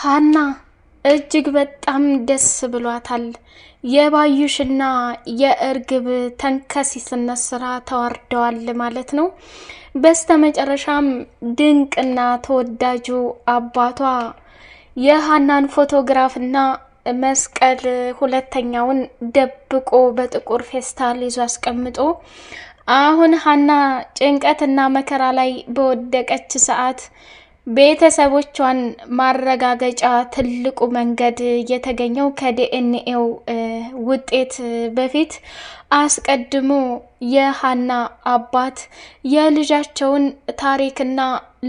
ሀና እጅግ በጣም ደስ ብሏታል። የባዩሽና የእርግብ ተንከሲስነት ስራ ተዋርደዋል ማለት ነው። በስተመጨረሻም ድንቅና ተወዳጁ አባቷ የሀናን ፎቶግራፍና መስቀል ሁለተኛውን ደብቆ በጥቁር ፌስታል ይዞ አስቀምጦ አሁን ሀና ጭንቀትና መከራ ላይ በወደቀች ሰዓት ቤተሰቦቿን ማረጋገጫ ትልቁ መንገድ የተገኘው ከዲኤንኤው ውጤት በፊት አስቀድሞ የሀና አባት የልጃቸውን ታሪክና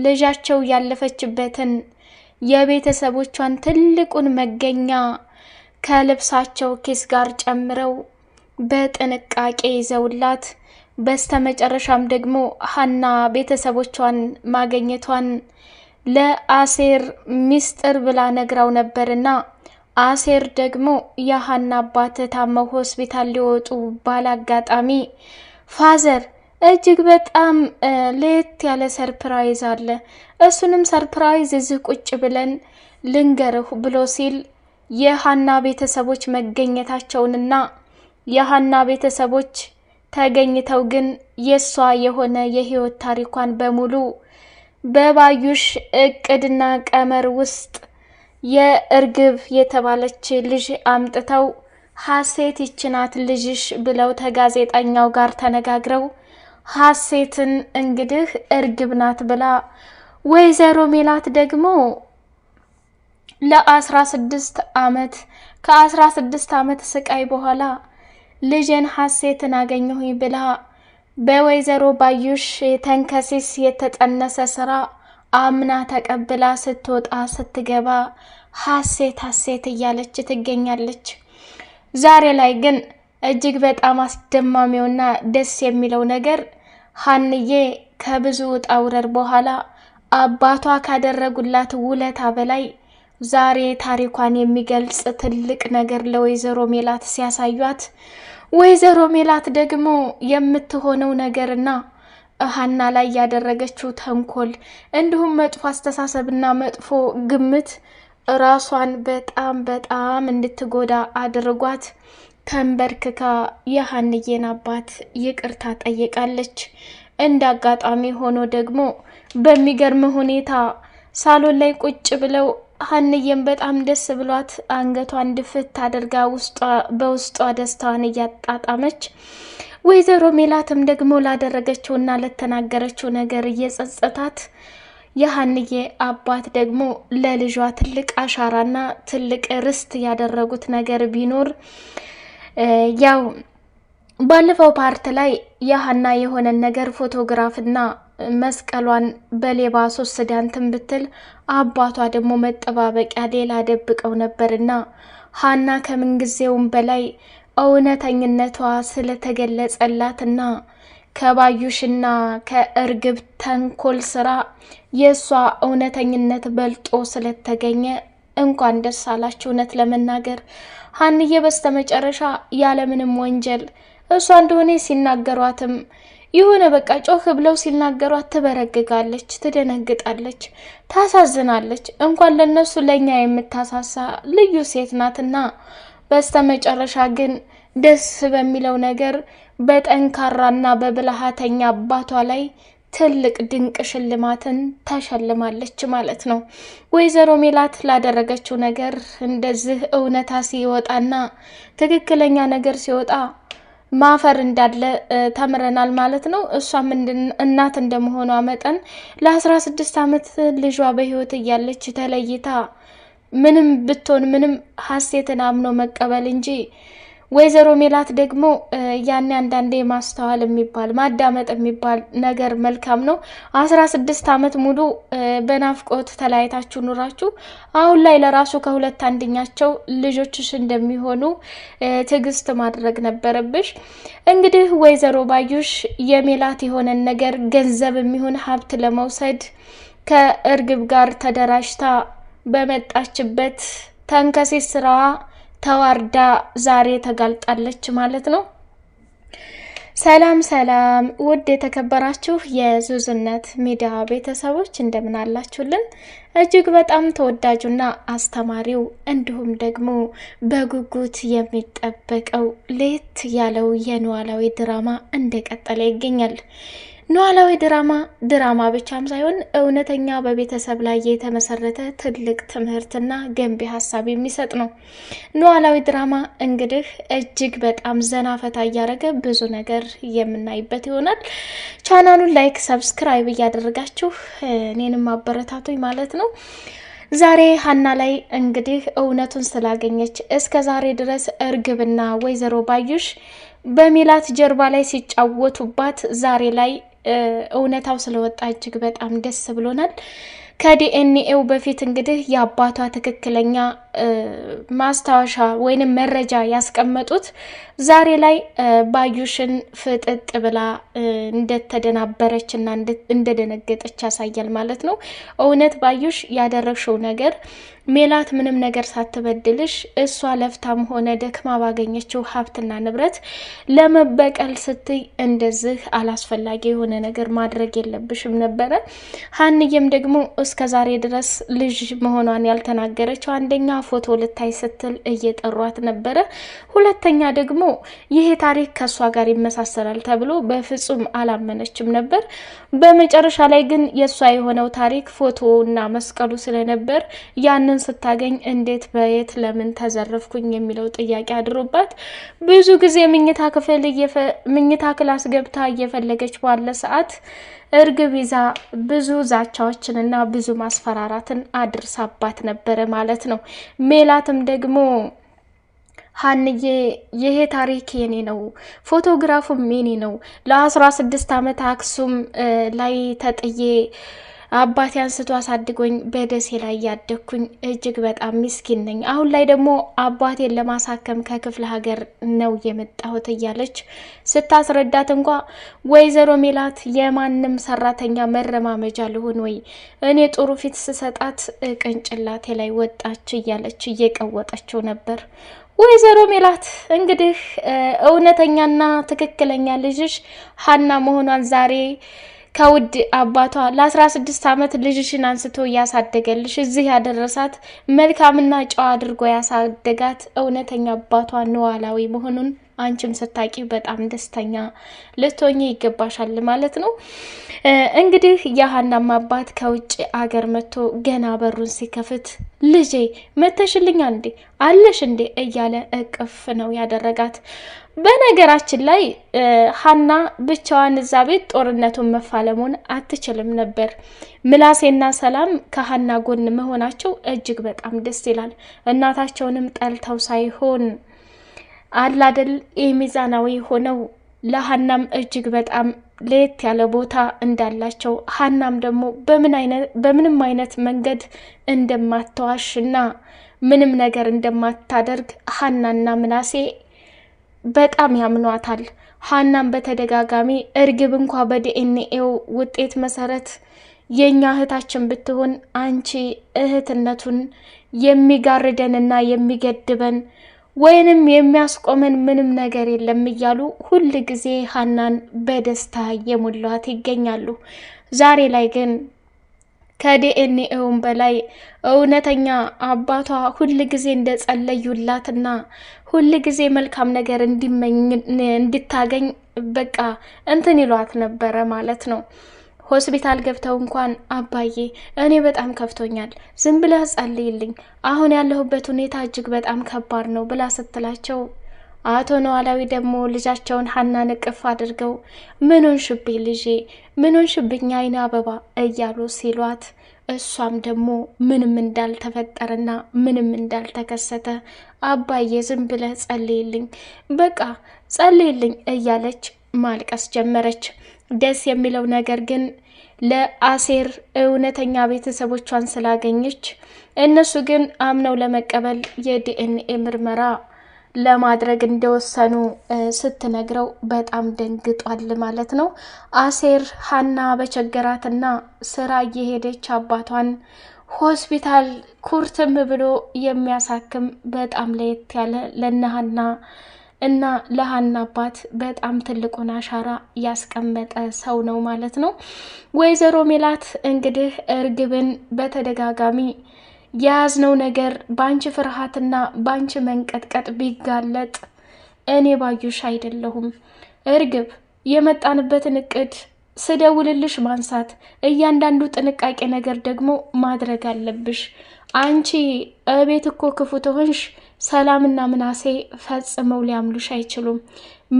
ልጃቸው ያለፈችበትን የቤተሰቦቿን ትልቁን መገኛ ከልብሳቸው ኪስ ጋር ጨምረው በጥንቃቄ ይዘውላት በስተመጨረሻም ደግሞ ሀና ቤተሰቦቿን ማገኘቷን። ለአሴር ሚስጥር ብላ ነግራው ነበርና አሴር ደግሞ የሀና አባት ታመው ሆስፒታል ሊወጡ ባለ አጋጣሚ ፋዘር እጅግ በጣም ለየት ያለ ሰርፕራይዝ አለ፣ እሱንም ሰርፕራይዝ እዚህ ቁጭ ብለን ልንገርህ ብሎ ሲል የሀና ቤተሰቦች መገኘታቸውንና የሀና ቤተሰቦች ተገኝተው ግን የእሷ የሆነ የህይወት ታሪኳን በሙሉ በባዩሽ እቅድና ቀመር ውስጥ የእርግብ የተባለች ልጅ አምጥተው ሀሴት ይችናት ልጅሽ ብለው ከጋዜጠኛው ጋር ተነጋግረው ሀሴትን እንግዲህ እርግብ ናት ብላ ወይዘሮ ሜላት ደግሞ ለአስራ ስድስት አመት ከአስራ ስድስት አመት ስቃይ በኋላ ልጄን ሀሴትን አገኘሁኝ ብላ በወይዘሮ ባዩሽ ተንከሲስ የተጠነሰ ስራ አምና ተቀብላ ስትወጣ ስትገባ ሀሴት ሀሴት እያለች ትገኛለች። ዛሬ ላይ ግን እጅግ በጣም አስደማሚውና ደስ የሚለው ነገር ሀንዬ ከብዙ ውጣ ውረድ በኋላ አባቷ ካደረጉላት ውለታ በላይ ዛሬ ታሪኳን የሚገልጽ ትልቅ ነገር ለወይዘሮ ሜላት ሲያሳዩት ወይዘሮ ሜላት ደግሞ የምትሆነው ነገርና ሀና ላይ ያደረገችው ተንኮል እንዲሁም መጥፎ አስተሳሰብና መጥፎ ግምት ራሷን በጣም በጣም እንድትጎዳ አድርጓት ተንበርክካ የሀንዬን አባት ይቅርታ ጠይቃለች። እንደ አጋጣሚ ሆኖ ደግሞ በሚገርም ሁኔታ ሳሎን ላይ ቁጭ ብለው ሀንዬም በጣም ደስ ብሏት አንገቷን ድፍት አድርጋ በውስጧ ደስታዋን እያጣጣመች ወይዘሮ ሜላትም ደግሞ ላደረገችውና ለተናገረችው ነገር እየጸጸታት የሀንዬ አባት ደግሞ ለልጇ ትልቅ አሻራና ትልቅ ርስት ያደረጉት ነገር ቢኖር ያው ባለፈው ፓርት ላይ የሀና የሆነን ነገር ፎቶግራፍና መስቀሏን በሌባ አስወስዳንትን ብትል አባቷ ደግሞ መጠባበቂያ ሌላ ደብቀው ነበርና ሀና ከምንጊዜውም በላይ እውነተኝነቷ ስለተገለጸላትና ከባዩሽና ከእርግብ ተንኮል ስራ የእሷ እውነተኝነት በልጦ ስለተገኘ እንኳን ደስ አላችሁ። እውነት ለመናገር ሀንዬ በስተመጨረሻ ያለምንም ወንጀል እሷ እንደሆነ ሲናገሯትም የሆነ በቃ ጮህ ብለው ሲናገሯት ትበረግጋለች፣ ትደነግጣለች፣ ታሳዝናለች። እንኳን ለነሱ ለእኛ የምታሳሳ ልዩ ሴት ናትና በስተመጨረሻ ግን ደስ በሚለው ነገር በጠንካራና በብልሃተኛ አባቷ ላይ ትልቅ ድንቅ ሽልማትን ታሸልማለች ማለት ነው። ወይዘሮ ሜላት ላደረገችው ነገር እንደዚህ እውነታ ሲወጣና ትክክለኛ ነገር ሲወጣ ማፈር እንዳለ ተምረናል ማለት ነው። እሷም እናት እንደመሆኗ መጠን ለአስራ ስድስት ዓመት ልጇ በህይወት እያለች ተለይታ ምንም ብትሆን ምንም ሀሴትን አምኖ መቀበል እንጂ ወይዘሮ ሜላት ደግሞ ያኔ አንዳንዴ ማስተዋል የሚባል ማዳመጥ የሚባል ነገር መልካም ነው። አስራ ስድስት ዓመት ሙሉ በናፍቆት ተለያይታችሁ ኑራችሁ አሁን ላይ ለራሱ ከሁለት አንደኛቸው ልጆችሽ እንደሚሆኑ ትዕግስት ማድረግ ነበረብሽ። እንግዲህ ወይዘሮ ባዩሽ የሜላት የሆነን ነገር ገንዘብ የሚሆን ሀብት ለመውሰድ ከእርግብ ጋር ተደራጅታ በመጣችበት ተንከሴ ስራዋ ተዋርዳ ዛሬ ተጋልጣለች ማለት ነው። ሰላም ሰላም! ውድ የተከበራችሁ የዙዝነት ሚዲያ ቤተሰቦች እንደምን አላችሁልን? እጅግ በጣም ተወዳጁና አስተማሪው እንዲሁም ደግሞ በጉጉት የሚጠበቀው ለየት ያለው የኖላዊ ድራማ እንደቀጠለ ይገኛል። ኖላዊ ድራማ ድራማ ብቻም ሳይሆን እውነተኛ በቤተሰብ ላይ የተመሰረተ ትልቅ ትምህርትና ገንቢ ሀሳብ የሚሰጥ ነው። ኖላዊ ድራማ እንግዲህ እጅግ በጣም ዘና ፈታ እያደረገ ብዙ ነገር የምናይበት ይሆናል። ቻናሉን ላይክ፣ ሰብስክራይብ እያደረጋችሁ እኔንም አበረታቱኝ ማለት ነው። ዛሬ ሀና ላይ እንግዲህ እውነቱን ስላገኘች እስከ ዛሬ ድረስ እርግብና ወይዘሮ ባዩሽ በሚላት ጀርባ ላይ ሲጫወቱባት ዛሬ ላይ እውነታው ስለወጣ እጅግ በጣም ደስ ብሎናል። ከዲኤንኤው በፊት እንግዲህ የአባቷ ትክክለኛ ማስታወሻ ወይንም መረጃ ያስቀመጡት ዛሬ ላይ ባዩሽን ፍጥጥ ብላ እንደተደናበረች እና እንደደነገጠች ያሳያል ማለት ነው። እውነት ባዩሽ ያደረግሽው ነገር ሜላት ምንም ነገር ሳትበድልሽ እሷ ለፍታም ሆነ ደክማ ባገኘችው ሀብትና ንብረት ለመበቀል ስትይ እንደዚህ አላስፈላጊ የሆነ ነገር ማድረግ የለብሽም ነበረ። ሀንዬም ደግሞ እስከ ዛሬ ድረስ ልጅ መሆኗን ያልተናገረችው አንደኛ ፎቶ ልታይ ስትል እየጠሯት ነበረ። ሁለተኛ ደግሞ ይሄ ታሪክ ከእሷ ጋር ይመሳሰላል ተብሎ በፍጹም አላመነችም ነበር። በመጨረሻ ላይ ግን የእሷ የሆነው ታሪክ እና መስቀሉ ስለነበር ያንን ስታገኝ እንዴት፣ በየት፣ ለምን ተዘረፍኩኝ የሚለው ጥያቄ አድሮባት ብዙ ጊዜ ምኝታ ክፍል ምኝታ ክላስ ገብታ እየፈለገች ባለ ሰዓት እርግብ ይዛ ብዙ ዛቻዎችንና ብዙ ማስፈራራትን አድርሳባት ነበረ ማለት ነው። ሜላትም ደግሞ ሀንዬ ይሄ ታሪክ የኔ ነው፣ ፎቶግራፉም የኔ ነው። ለአስራ ስድስት ዓመት አክሱም ላይ ተጥዬ አባቴ አንስቶ አሳድጎኝ በደሴ ላይ ያደግኩኝ እጅግ በጣም ምስኪን ነኝ። አሁን ላይ ደግሞ አባቴን ለማሳከም ከክፍለ ሀገር ነው የመጣሁት እያለች ስታስረዳት እንኳ ወይዘሮ ሜላት የማንም ሰራተኛ መረማመጃ ልሆን ወይ እኔ ጥሩ ፊት ስሰጣት ቅንጭላቴ ላይ ወጣች እያለች እየቀወጠችው ነበር። ወይዘሮ ሜላት እንግዲህ እውነተኛና ትክክለኛ ልጅሽ ሀና መሆኗን ዛሬ ከውድ አባቷ ለ16 ዓመት ልጅሽን አንስቶ እያሳደገልሽ እዚህ ያደረሳት መልካምና ጨዋ አድርጎ ያሳደጋት እውነተኛ አባቷ ኖላዊ መሆኑን አንቺም ስታቂ በጣም ደስተኛ ልትሆኚ ይገባሻል ማለት ነው። እንግዲህ የሀናም አባት ከውጭ አገር መጥቶ ገና በሩን ሲከፍት ልጄ መተሽልኛ እንዴ አለሽ እንዴ እያለ እቅፍ ነው ያደረጋት። በነገራችን ላይ ሀና ብቻዋን እዛ ቤት ጦርነቱን መፋለሙን አትችልም ነበር። ምላሴና ሰላም ከሀና ጎን መሆናቸው እጅግ በጣም ደስ ይላል። እናታቸውንም ጠልተው ሳይሆን አላደል የሚዛናዊ ሆነው ለሀናም እጅግ በጣም ለየት ያለ ቦታ እንዳላቸው ሀናም ደግሞ በምንም አይነት መንገድ እንደማትዋሽና ምንም ነገር እንደማታደርግ ሀናና ምናሴ በጣም ያምኗታል። ሀናም በተደጋጋሚ እርግብ እንኳ በዲኤንኤው ውጤት መሰረት የእኛ እህታችን ብትሆን አንቺ እህትነቱን የሚጋርደንና የሚገድበን ወይንም የሚያስቆመን ምንም ነገር የለም እያሉ ሁል ጊዜ ሀናን በደስታ የሞሏት ይገኛሉ። ዛሬ ላይ ግን ከዲኤንኤውም በላይ እውነተኛ አባቷ ሁል ጊዜ እንደጸለዩላትና ሁል ጊዜ መልካም ነገር እንዲመኝ እንድታገኝ በቃ እንትን ይሏት ነበረ ማለት ነው። ሆስፒታል ገብተው እንኳን አባዬ እኔ በጣም ከፍቶኛል፣ ዝም ብለህ ጸልይልኝ፣ አሁን ያለሁበት ሁኔታ እጅግ በጣም ከባድ ነው ብላ ስትላቸው አቶ ኖላዊ ደግሞ ልጃቸውን ሀና ንቅፍ አድርገው ምኑን ሽብኝ ልጄ፣ ምኑን ሽብኝ አይነ አበባ እያሉ ሲሏት እሷም ደግሞ ምንም እንዳልተፈጠረና ምንም እንዳልተከሰተ አባዬ ዝም ብለህ ጸልይልኝ፣ በቃ ጸልይልኝ እያለች ማልቀስ ጀመረች። ደስ የሚለው ነገር ግን ለአሴር እውነተኛ ቤተሰቦቿን ስላገኘች እነሱ ግን አምነው ለመቀበል የዲኤንኤ ምርመራ ለማድረግ እንደወሰኑ ስትነግረው በጣም ደንግጧል ማለት ነው። አሴር ሀና በቸገራትና ስራ እየሄደች አባቷን ሆስፒታል ኩርትም ብሎ የሚያሳክም በጣም ለየት ያለ ለነሀና እና ለሀና አባት በጣም ትልቁን አሻራ ያስቀመጠ ሰው ነው ማለት ነው። ወይዘሮ ሜላት እንግዲህ እርግብን በተደጋጋሚ የያዝነው ነገር በአንቺ ፍርሃትና በአንቺ መንቀጥቀጥ ቢጋለጥ እኔ ባዩሽ አይደለሁም። እርግብ የመጣንበትን እቅድ ስደውልልሽ ማንሳት፣ እያንዳንዱ ጥንቃቄ ነገር ደግሞ ማድረግ አለብሽ። አንቺ እቤት እኮ ክፉ ትሆንሽ፣ ሰላምና ምናሴ ፈጽመው ሊያምሉሽ አይችሉም።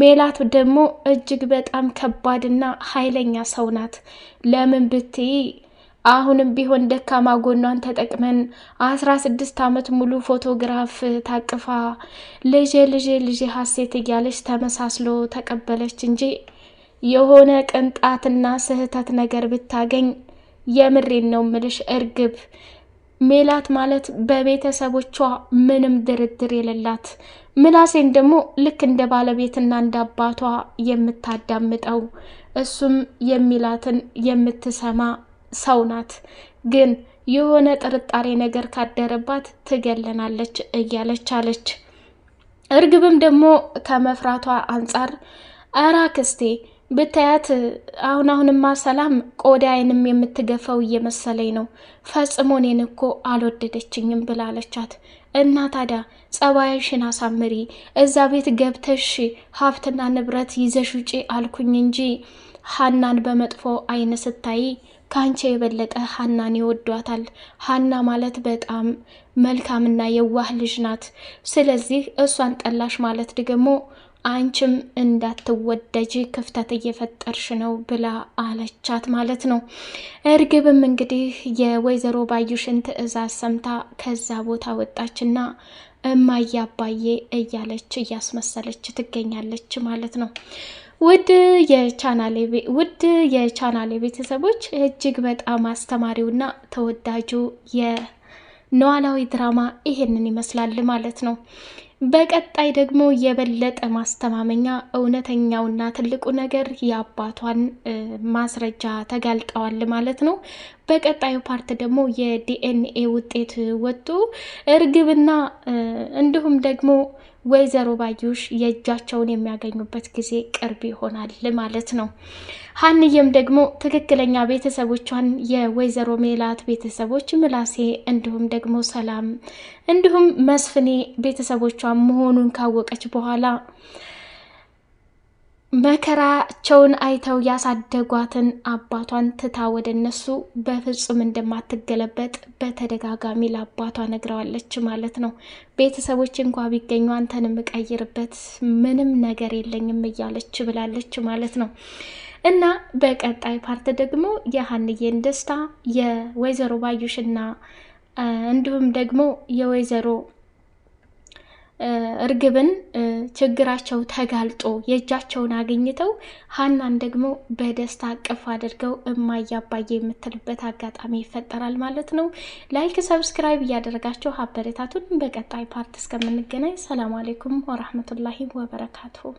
ሜላት ደግሞ እጅግ በጣም ከባድና ኃይለኛ ሰው ናት። ለምን ብትይ አሁንም ቢሆን ደካማ ጎኗን ተጠቅመን አስራ ስድስት ዓመት ሙሉ ፎቶግራፍ ታቅፋ ልጄ ልጄ ልጄ ሀሴት እያለች ተመሳስሎ ተቀበለች እንጂ የሆነ ቅንጣትና ስህተት ነገር ብታገኝ የምሬን ነው ምልሽ እርግብ ሜላት ማለት በቤተሰቦቿ ምንም ድርድር የሌላት ምናሴን ደግሞ ልክ እንደ ባለቤትና እንደ አባቷ የምታዳምጠው እሱም የሚላትን የምትሰማ ሰው ናት፣ ግን የሆነ ጥርጣሬ ነገር ካደረባት ትገለናለች እያለች አለች። እርግብም ደግሞ ከመፍራቷ አንጻር አራ ክስቴ ብታያት አሁን አሁንማ ሰላም ቆዳ አይንም የምትገፈው እየመሰለኝ ነው፣ ፈጽሞ እኔን እኮ አልወደደችኝም ብላለቻት። እና ታዲያ አሳምሪ፣ እዛ ቤት ገብተሽ ሀብትና ንብረት ይዘሽ ውጪ አልኩኝ እንጂ ሀናን በመጥፎ አይን ስታይ ከአንቺ የበለጠ ሀናን ይወዷታል። ሀና ማለት በጣም መልካምና የዋህ ልጅ ናት። ስለዚህ እሷን ጠላሽ ማለት ደግሞ አንቺም እንዳትወደጂ ክፍተት እየፈጠርሽ ነው ብላ አለቻት ማለት ነው። እርግብም እንግዲህ የወይዘሮ ባዩሽን ትዕዛዝ ሰምታ ከዛ ቦታ ወጣችና እማዬ አባዬ እያለች እያስመሰለች ትገኛለች ማለት ነው። ውድ ውድ የቻናሌ ቤተሰቦች እጅግ በጣም አስተማሪውና ተወዳጁ የኖላዊ ድራማ ይሄንን ይመስላል ማለት ነው። በቀጣይ ደግሞ የበለጠ ማስተማመኛ እውነተኛውና ትልቁ ነገር የአባቷን ማስረጃ ተጋልጠዋል ማለት ነው። በቀጣዩ ፓርት ደግሞ የዲኤንኤ ውጤት ወጡ እርግብና እንዲሁም ደግሞ ወይዘሮ ባዩሽ የእጃቸውን የሚያገኙበት ጊዜ ቅርብ ይሆናል ማለት ነው። ሀንዬም ደግሞ ትክክለኛ ቤተሰቦቿን የወይዘሮ ሜላት ቤተሰቦች ምላሴ፣ እንዲሁም ደግሞ ሰላም እንዲሁም መስፍኔ ቤተሰቦቿ መሆኑን ካወቀች በኋላ መከራቸውን አይተው ያሳደጓትን አባቷን ትታ ወደ እነሱ በፍጹም እንደማትገለበጥ በተደጋጋሚ ለአባቷ ነግረዋለች ማለት ነው። ቤተሰቦች እንኳ ቢገኙ አንተን የምቀይርበት ምንም ነገር የለኝም እያለች ብላለች ማለት ነው። እና በቀጣይ ፓርት ደግሞ የሀንዬን ደስታ የወይዘሮ ባዩሽና እንዲሁም ደግሞ የወይዘሮ እርግብን ችግራቸው ተጋልጦ የእጃቸውን አግኝተው ሀናን ደግሞ በደስታ ቅፍ አድርገው እማያባዬ የምትልበት አጋጣሚ ይፈጠራል ማለት ነው። ላይክ ሰብስክራይብ እያደረጋቸው አበረታቱን። በቀጣይ ፓርት እስከምንገናኝ ሰላም አሌይኩም ወራህመቱላሂ ወበረካቱሁ።